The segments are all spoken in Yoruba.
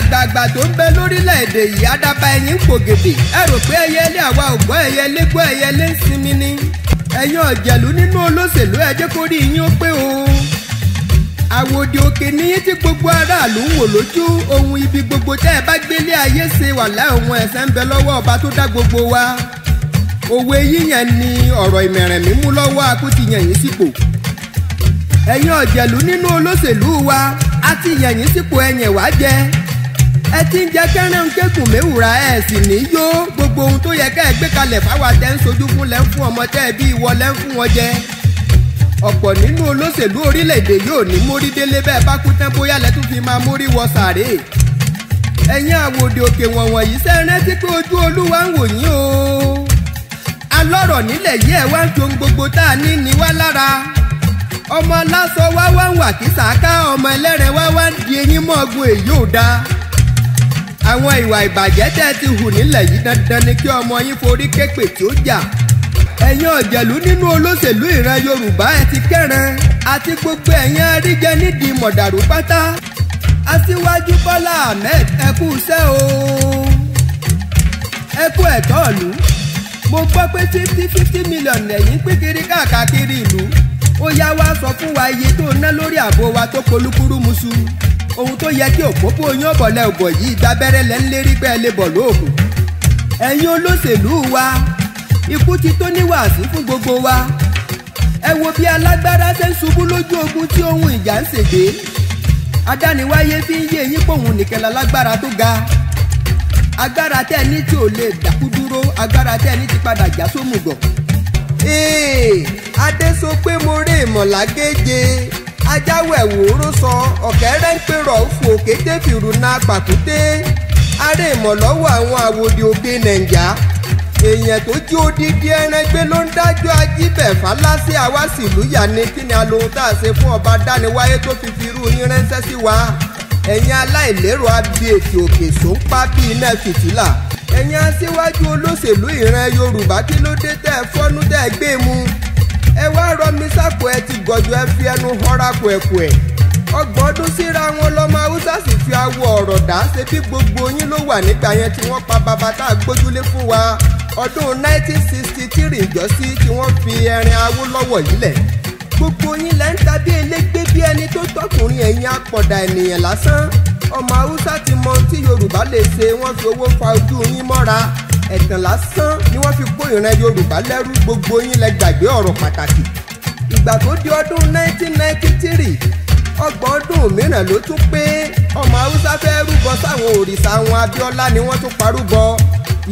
àgbààgbà tó ń bẹ lórílẹ̀‐èdè yìí adaba ẹ̀yìn pògèdè ẹ rò pé ẹyẹlé àwa ò gbọ́ ẹyẹlé gbọ́ ẹyẹlé ń sinmi ni ẹ̀yin ọ̀jẹ̀lú nínú olóṣèlú ẹ jẹ́ kó rí yín ó pé o àwòdì òkè níyìn tí gbogbo aráàlú ń wò lójú ohun ibi gbogbo tẹ́ ẹ bá gbélé ayé ṣe wà láì ohun ẹ̀sẹ̀ ń bẹ lọ́wọ́ ọba tó dá gbogbo wa òwe yíyan ni ọ̀rọ̀ ìmẹ̀rẹ̀ mímú lọ́wọ́ akútiyàn yín sípò ẹ̀yin ọ̀jẹ̀lú nínú olóṣèlú wa a ti yàn yín sípò ẹ̀yìn wá jẹ́ ẹ ti ń jẹ kẹ́rán kékùn méwùrà ẹ̀ sì ní yó gbogbo ohun tó yẹ ká ẹ gbé kalẹ̀ fáwa tẹ́ ń sojú fún lẹ́ ń fún ọmọ tẹ́ ẹ bí ìwọ lẹ́ ń fún wọn jẹ ọ̀pọ̀ nínú olóṣèlú orílẹ̀-èdè yóò ní mórí délé bẹ́ẹ̀ bá kú tán bóyá lẹ́tún fi máa mórí wọ sàré ẹ̀yin àwòdì òkè wọ̀nwọ̀n yìí ṣe rántí pé ojú olúwa ń wò yín o alọ́rọ̀ nílẹ̀ yìí ẹ̀ wá ń to gbogbo tá a ní ní wá lára ọmọ aláṣọ wá wá ń wà kí sàáká ọmọ ẹlẹ́rẹ̀ wá wá ń di eyín mọ́ ọgbọ́n èyí ò dáa àwọn ìwà ìbàjẹ́ tẹ́ ti hù nílẹ̀ yìí dandan ni kí ọmọ yín forí képè tí ó jà ẹ̀yin ọ̀jẹ̀lú nínú olóṣèlú ìran Yorùbá ẹ ti kẹ́ran àti gbogbo ẹ̀yin aríjẹ nídìí mọ̀dàrú pátá aṣíwájú Bọ́lá Ahmed ẹ kú iṣẹ́ o ẹ kú ẹ̀tọ́ ìlú mo gbọ́ pé fifty fifty million ẹ̀yin pín kiri káàkiri ìlú ó yá wá sọ fún wa iye tó ná lórí ààbò wa tó polúkúrú musu. ohun tó yẹ kí òpópó yín ọ̀bọ̀lẹ̀ òbọ̀ yìí gbabẹ́rẹ́ lẹ́ ń lérí pé lè bọ̀ lóògùn ẹ̀yin wa ikú ti tó ní wàásù gbogbo wa ẹ wo bí alágbára ṣe ń ṣubú lójú ogun tí ohun ìjà ń ṣègbè adániwáyé fi ń yé yín pòun tó ga agbára tẹ́ ní tí ò lè dákú dúró agbára tẹ́ ti padà já ee adé pé mo rí ìmọ̀lá ajáwẹ̀ wòóró sọ ọ̀kẹ́rẹ́ ń pèrọ̀ òfò kété fìrù na pàkúté aré ìmọ̀lọ́wọ́ àwọn àwòdì òbí nàìjà èèyàn tó jí odidi ẹran gbé ló ń dájọ́ ajíbẹ̀ fàlásì àwa sílùú yà ni kí ni alohun tá a ṣe fún ọba dániwáyé tó fi fi irú yín ránṣẹ́ sí wa ẹ̀yin aláìlérò abi ètò òkè sóńpá bí iná fìtílà ẹ̀yin aṣíwájú olóṣèlú ìran Yorùbá kí ló dé tẹ́ fọ́nú tẹ́ gbé mu ẹ wá rọ mi sáko ẹ ti gọ̀jọ̀ ẹ fi ẹnu họra kùẹ̀kùẹ̀ ọgbọ̀n ọdún síra wọn lọ́mọ haúsá sì fi awọ ọ̀rọ̀ dá ṣe bí gbogbo yín ló wà nígbà yẹn tí wọ́n pa bàbá tá a gbójúlé fún wa ọdún 1963 ìjọsí tí wọ́n fi ẹrin Awólọ́wọ̀ yìí lẹ̀ gbogbo yín lẹ́ ń ta bí elégbé bí ẹni tó tọkùnrin ẹ̀yìn apọ̀dà ènìyàn lásán ọmọ haúsá ti mọ ohun tí Yorùbá lè ṣe wọ́n fi owó fa ojú yín mọ́ra ẹ̀tàn lásán ni wọ́n fi kó ìran Yorùbá lẹ́rú gbogbo yín lẹ gbàgbé ọ̀rọ̀ pàtàkì ìgbà tó di ọdún 1993 ọgbọ̀n ọdún mìíràn ló tún pé ọmọ Haúsá fẹ́ rúbọ sáwọn òrìṣà àwọn abiola ni wọ́n tún parúbọ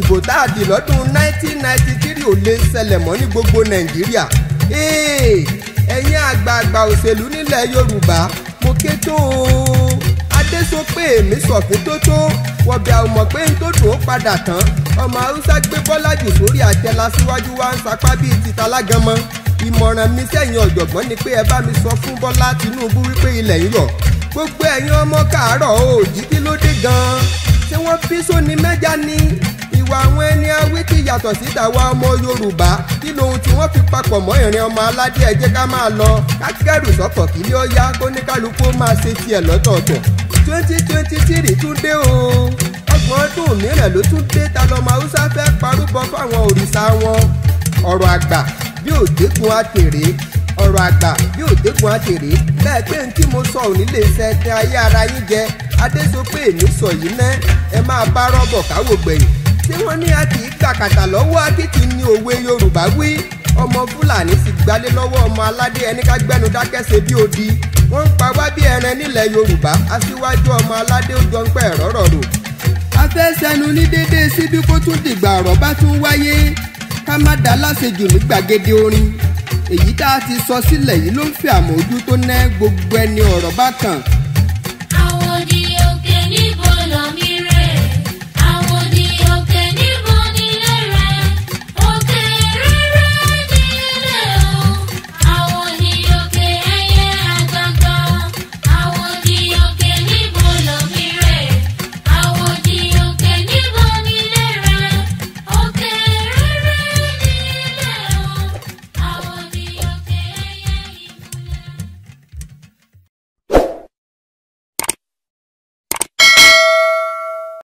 ìbò tá a dì lọ́dún 1993 ò lè ṣẹlẹ̀ mọ́ ní gbogbo Nàìjíríà ẹ̀yin àgbààgbà òṣèlú nílẹ̀ Yorùbá mo ké tó o dé sọ pé èmi sọ̀fin tó tó wọ̀bẹ̀ àwọn mọ̀ pé n tó dùn ó padà tán ọmọ haúsá gbé bọ́lájù sórí àjẹlá síwájú wa ń sapá bíi títa lágànmọ́ ìmọ̀ràn mi sẹ́yìn ọ̀jọ̀gbọ́n ni pé ẹ bá mi sọ fún Bọ́lá Tinubu wípé ilẹ̀ ń yọ̀ gbogbo ẹ̀yin ọmọ káàárọ̀ òòjì kí ló dé gan-an ṣé wọ́n bí sóni mẹ́ja ni ìwà àwọn ẹni awí ti yàtọ̀ sí tàwa ọmọ Yorùbá kí lohun tí wọ́n fi papọ̀ mọ́ ìrìn ọmọ aládé ẹ ká máa lọ ká sọ́kọ̀ kí yá kóníkálukú máa ṣe tiẹ̀ lọ́tọ̀ọ̀tọ̀ twenty twenty three tún dé o ọgbọ̀n ọdún mìíràn ló tún dé ta lọ́mọ haúsá fẹ́ parúbọ fáwọn òrìṣà wọn ọ̀rọ̀ àgbà bí òdekun àtèrè ọ̀rọ̀ àgbà bí òdekun àtèrè bẹ́ẹ̀ pé n tí mo sọ ò nílé iṣẹ́ tẹ ayé ara yín jẹ adé sọ pé èmi sọ yìí ná ẹ máa bá rọ́bọ̀ káwọ́ gbẹ̀yìn tí wọ́n ní a kì í gbàkàtà lọ́wọ́ akitì ni òwe Yorùbá wí ọmọ fúlàní sì gbalé lọ́wọ́ ọmọ aládé ẹni ká gbẹ́nu dákẹ́ ṣe bí odi wọ́n ń pa wá bí ẹran nílẹ̀ yorùbá aṣíwájú ọmọ aládé ó jọ ń pẹ́ rọ́rọ̀ rò. afẹ́sẹ̀nu ní déédéé síbí kó tún dìgbà ọ̀rọ̀ bá tún wáyé ká má dá láṣejù ní gbàgede orin èyí tá a ti sọ sílẹ̀ yìí ló ń fi àmójú ná gbogbo ẹni ọ̀rọ̀ bá